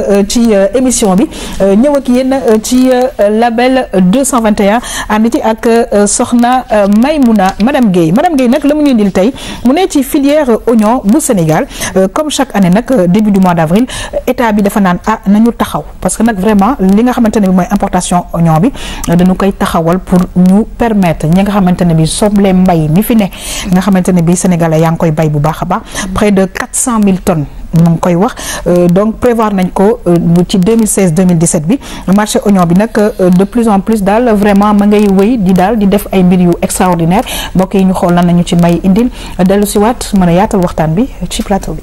Euh, ci euh, émission bi euh, ñëw ak yéen ci label 221 ànd ci ak soxna Maymouna madame Guèye madame Guèye n'ak la ñu mu né ci filière oignon bu Sénégal comme chaque année n'ak début du mois d'avril, état bi dafa naan ah nañu taxaw parce que n'ak vraiment li nga xamantene bi importation oignon bi dañu koy taxawal pour ñu permettre ñi nga xamantene bi soble mbay mi fi ne nga xamantene bi sénégalais yang koy bay bu baaxa ba près de 400 000 tonnes mu ngi koy wax euh, donc prévoir nañ ko euh, ci 2016 2017 bi marché oignon bi nag euh, de plus en plus daal vraiment ma ngay wéy di daal di def ay mbir yu extraordinaire mbokk yi ñu xool lan nañu ci may indi dellu si waat mën a yaatal waxtaan bi ci plateau bi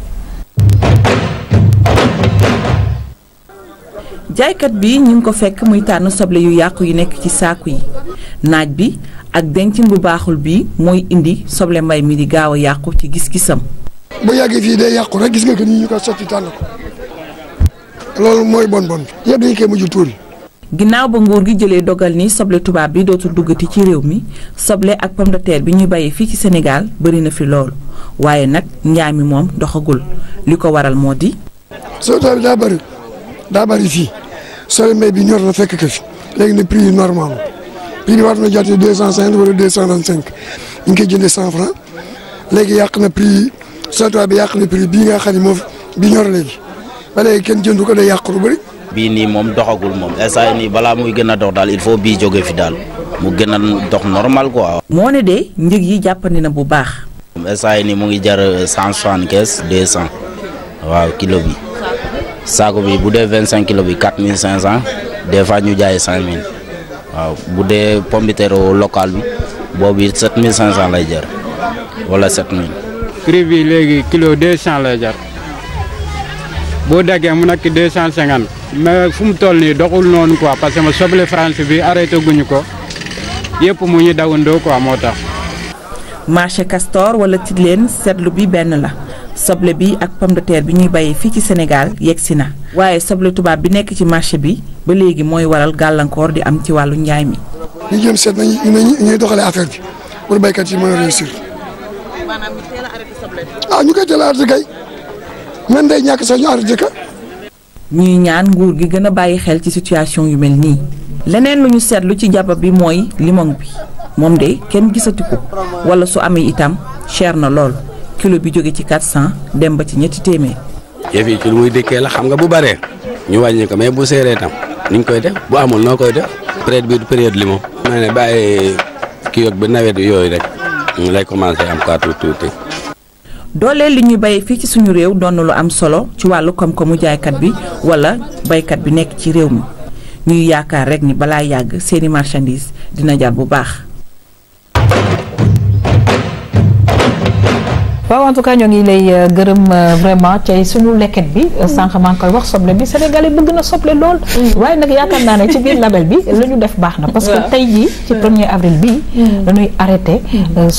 jaaykat bi ñu ngi ko fekk muy tànn soble yu yàqu yu nekk ci saaku yi naaj bi ak dencin bu baaxul bi mooy indi soble mbay mi di gaaw a yàqu ci gis-gisam bu yàggee fii day yàqu rek gis nga ko nii ñu ko sotti tànn ko loolu mooy bon bon bi yëpp dañu koy mujj tuuri. ginnaaw ba nguur gi jëlee dogal ni soble tubaab bi dootul duggati ci réew mi soble ak pomme de bi ñuy bàyyi fii ci Sénégal bari na fi lool waaye nag njaay mi moom doxagul li ko waral moo di. soo tubaab bi daa bëri daa bëri fii soble mbay bi ñor na fekk ko fi léegi ne prix yi normal prix bi war na jot deux cent cinq wala deux cent vingt cinq ñu ngi koy jëndee cent léegi yàq na prix sotoi bi yàq na prix bii nga xam ne moom bi ñor léegi ba léegi kenn jëndu ko day yàq lu bëri bii nii moom doxagul moom instant nii balaa muy gën a dox daal il faut bii jóge fi daal mu gën a dox normal quoi. moo ne de njëg yi jàppandi na bu baax. instant nii mu ngi jar cent soixante-quinze deux cent waaw kilo bi saako bi bu dee vingt cinq kilo bi quatre mille cinq cent des fois ñu jaay cinq mille waaw bu dee pomme de terre local bi boobu sept mille cinq cent lay jar wala sept mille. riz bi léegi kilo deux cent lay jar boo daggee mu nekk deux cent cinquante mais fu mu toll nii doxul noonu quoi parce que soble France bi arrêté guñu ko yëpp mu ñu dawandoo ko moo tax. marché Castor wala Tilène seetlu bi benn la soble bi ak pomme de terre bi ñuy bayee fii ci Sénégal yegsi na waaye soble tubaab bi nekk ci marché bi ba léegi mooy waral gàllankoor di am ci wàllu njaay mi. ñu jéem seet nañu ñuy doxalee affaire bi pour baykat yi mën a maanaam ñu teel a arrêté ah, koy teel a kay man day ñàkk sax ñu ñuy ñaan nguur gi gën a bàyyi xel ci situation yu mel nii leneen lu ñu seetlu ci jàpp bi mooy limon bi moom de kenn gisatu ko wala su amee itam cher na lool kilo bi jóge ci 400 dem ba ci ñetti téeméer. yëf yi ci lu muy dëkkee la xam nga bu baree ñu wàññi ko mais bu seeree tam niñ koy def bu amul noo koy def bii du période limon. ma ne bàyyi kii yoog ba nawet yooyu rek. ñu lay commencé am kaatu tuuti. dooleel li ñuy bay fii ci suñu réew doon na lu am solo ci wàllu koom-koomu jaaykat bi wala baykat bi nekk ci réew mi ñuy yaakaar rek ni balaa yàgg seeni marchandise dina jar bu baax. waaw en tout cas ñoo ngi lay euh, gërëm euh, vraiment cay suñu lekket bi euh, mm. sànq maa ngi koy wax soble bi sénégalais bëgg na soble lool mm. waaye nag yaakaar naa ne ci biir label bi lu ñu def baax na parce que tey jii ci mm. premier avril bii dañuy arrêté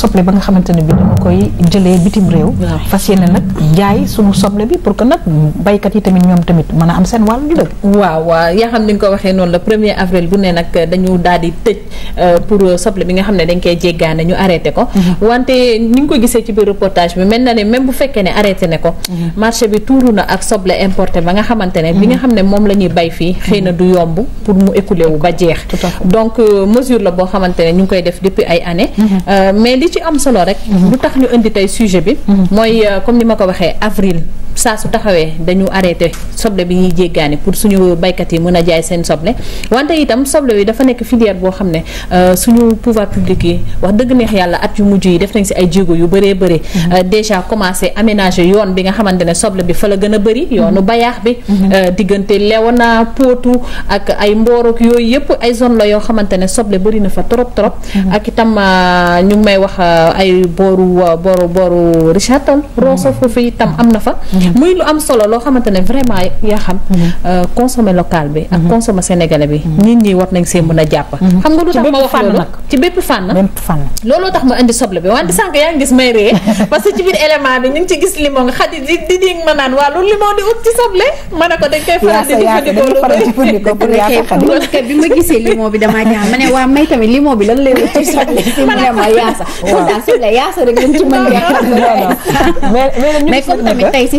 soble ba nga xamante ne bi dañu koy jëlee bitim réew fas yéene nag jaay suñu soble bi pour que nag baykat yi tamit ñoom tamit mën a am seen wàllu dëgg waaw waaw yaa xam ni nga ko waxee noonu la premier avril bu ne nag dañu daal di tëj pour soble bi nga xam ne dañ koy jéggaane ñu arrêté ko mm-hmm. wante ni nga ko bi mel na ne même bu fekkee ne arrêté ne ko marché bi tuuru na ak soble importé ba nga xamante ne bi nga xam ne moom la ñuy bay fii xëy na du yomb pour mu écoulé wu ba jeex donc euh, mesure la boo xamante ne ñu ngi koy def depuis ay années mm-hmm. euh, mais li ci am solo rek mm-hmm. lu tax ñu indi tey sujet bi mm-hmm. mooy euh, comme ni ma ko waxee avril saa su taxawee dañu arrêté soble bi ñuy jéggaane pour suñu baykat yi mën a jaay seen soble wante itam soble bi dafa nekk filière boo xam ne euh, suñu pouvoir public yi wax dëgg neex yàlla at yu mujj yi def nañ si ay jéego yu bëree bëri mhm. euh, déjà commencé aménager yoon bi nga xamante ne soble bi fa la gën a bëri yoonu mhm. bayaax bi mhm. euh, diggante Léona Potou ak ay mboorook yooyu yëpp ay zone la yoo xamante ne soble bëri na fa trop trop ak itam ñu ngi may wax ay booru booru booru am na fa muy lu am solo lo xamantene vraiment ya xam mhm. euh consommer local bi ak mhm. consommer sénégalais bi mhm. nit ñi war nañ see mëna japp xam nga lu tax ma wax nak ci bépp fan lolo tax ma andi soble bi wante sank ya ngi gis may ré parce que ci bir élément bi ñu ci gis limon nga xadi di di di ma naan lu limon di ut ci soble ma ko dañ koy faral di di ko lu parce que bima gisé limon bi dama ñaan mané wa may tamit limon bi lan lay ut ci soble si vraiment yaasa ko da soble yaasa rek ñu ci mën mais mais tamit tey si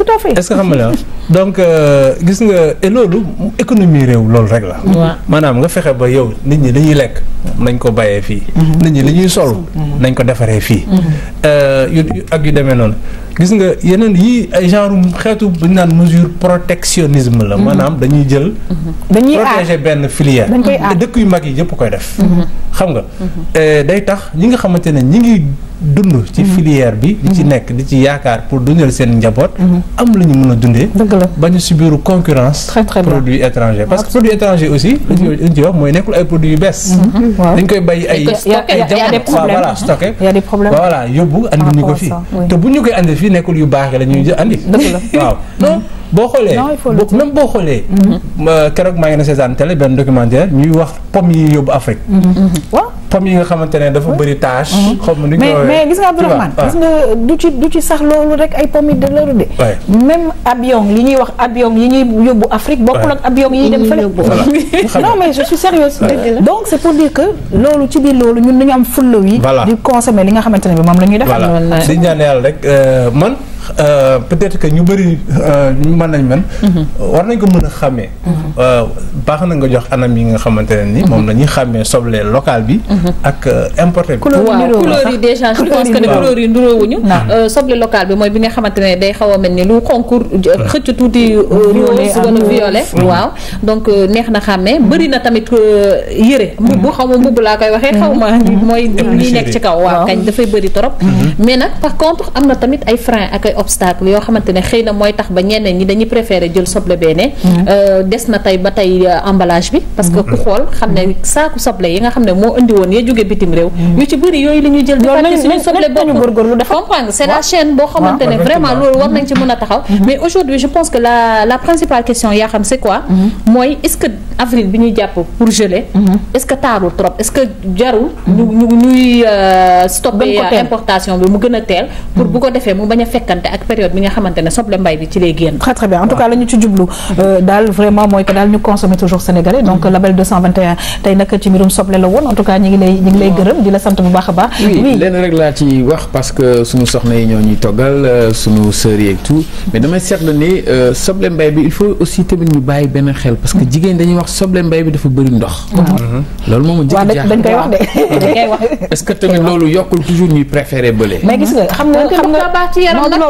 tout à est ce que xam nga la donc euh, gis nga et loolu économie réew loolu rek la. maanaam nga fexe ba yow nit ñi li ñuy lekk nañ ko bàyyee fii. Mhm. nit ñi li ñuy sol mhm. nañ ko defaree fii. Mhm. Euh, yu ak yu demee non gis nga yenen yi ay genre xeetu bu ñu mesure protectionnisme la. manam mhm. dañuy jël. Mhm. dañuy protéger ben filière. dëkk yu mag yi yépp koy def. Mhm. xam nga euh, day tax ñi nga xamante ñi ngi dund. ci filière bi. di ci nek di ci yaakar pour dundal seen njaboot. am la ñu mën a dundee. bañ subiru concurrence. produit étranger parce que produit étranger aussi. li ñu ci wax mooy ay produits yu bess dañ koy bay ay. stocké ay voilà stocké. y a des problèmes voilà yóbbu andi ñu ko fii te bu ñu koy andi fii nekkul yu baax la ñuy andi waaw non boo xoolee même boo xoolee mm-hmm. keroog maa ngi na seetaan télé benn documentaire ñuy wax pomme yi yóbbu Afrique mm-hmm. Mm-hmm. waaw pom yi nga xamantene dafa bëri tâche. Mhm. xaw ma nu mais gis nga Abdourahmane gis nga ah. du ci du ci sax lolu rek ay pomme de l'heure de. même avion li ñuy wax avion yi ñuy yobbu Afrique bokkul ak avion yi dem fële. non mais je suis sérieuse donc c'est pour dire que lolu ci bir lolu ñun dañu am fulla wi. di consommer li nga xamantene ne bi moom la ñuy def. di ñaan yàlla rek euh man. sax euh, peut-être que ñu bëri euh, ñu mhm. war nañ ko mën a xàmmee mhm. euh, baax na nga jox anam yi nga xamante ne ni moom la ñuy xàmmee soble local bi mhm. ak importé bi couleur yi déjà je pense que ne couleur yi nduroowuñu soble local bi mooy bi nga xamante ne day xaw a mel ni lu concours xëcc tuuti rose wala violet waaw donc neex na xàmmee bëri na tamit yëre mbubb xaw ma mbubb laa koy waxee xaw ma mooy li nekk ci kaw waaw kañ dafay bëri torop mais nag par contre am na tamit ay frein ak obstacle yo xamantene xeyna moy tax ba ñeneen ñi dañuy préférer jël soble euh des na tay ba euh, emballage bi parce que ku mm-hmm. xol xam ne mm-hmm. saaku soble yi nga xam mo andi won woon ya jóge bitim rew mm-hmm. ñu ci bëri yoy li ñu jël di suñu soble bopp comprendre c'est la chaîne bo xamantene vraiment lool war nañ ci mëna taxaw mais aujourd'hui je pense que la la principale question ya xam c'est quoi moy est-ce que avril bi ñu japp pour geler est-ce que taarul trop est-ce que jarul ñu ñuy euh, stopper importation bi mu gëna tel pour bu ko défé mu baña a fekkante ak période bi nga xamantene soble mbay bi ci lay guen très très bien en tout cas lañu ñu ci jublu euh, dal vraiment moy que dal ñu consommer toujours sénégalais donc mm-hmm. label 221 tay nak ci mirum soble la won en tout cas ñi ngi lay ñi ngi lay mm-hmm. gërëm di la sant bu baax a baax. oui lenn rek la ci wax parce que suñu soxna yi ñoo ñuy togal euh, suñu sœur yi yeeg tout mais damay seetlu ni euh, soble mbay bi il faut aussi tamit ñu bàyyi benn xel parce que jigéen dañuy wax soble mbay bi dafa bëri ndox. Mm-hmm. loolu moom dañ koy wax dé dañ koy wax est-ce que tamit loolu yokul toujours ñuy préféré beulé mais gis nga xam nga xam nga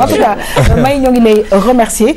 en tout cas Maï, il est remercier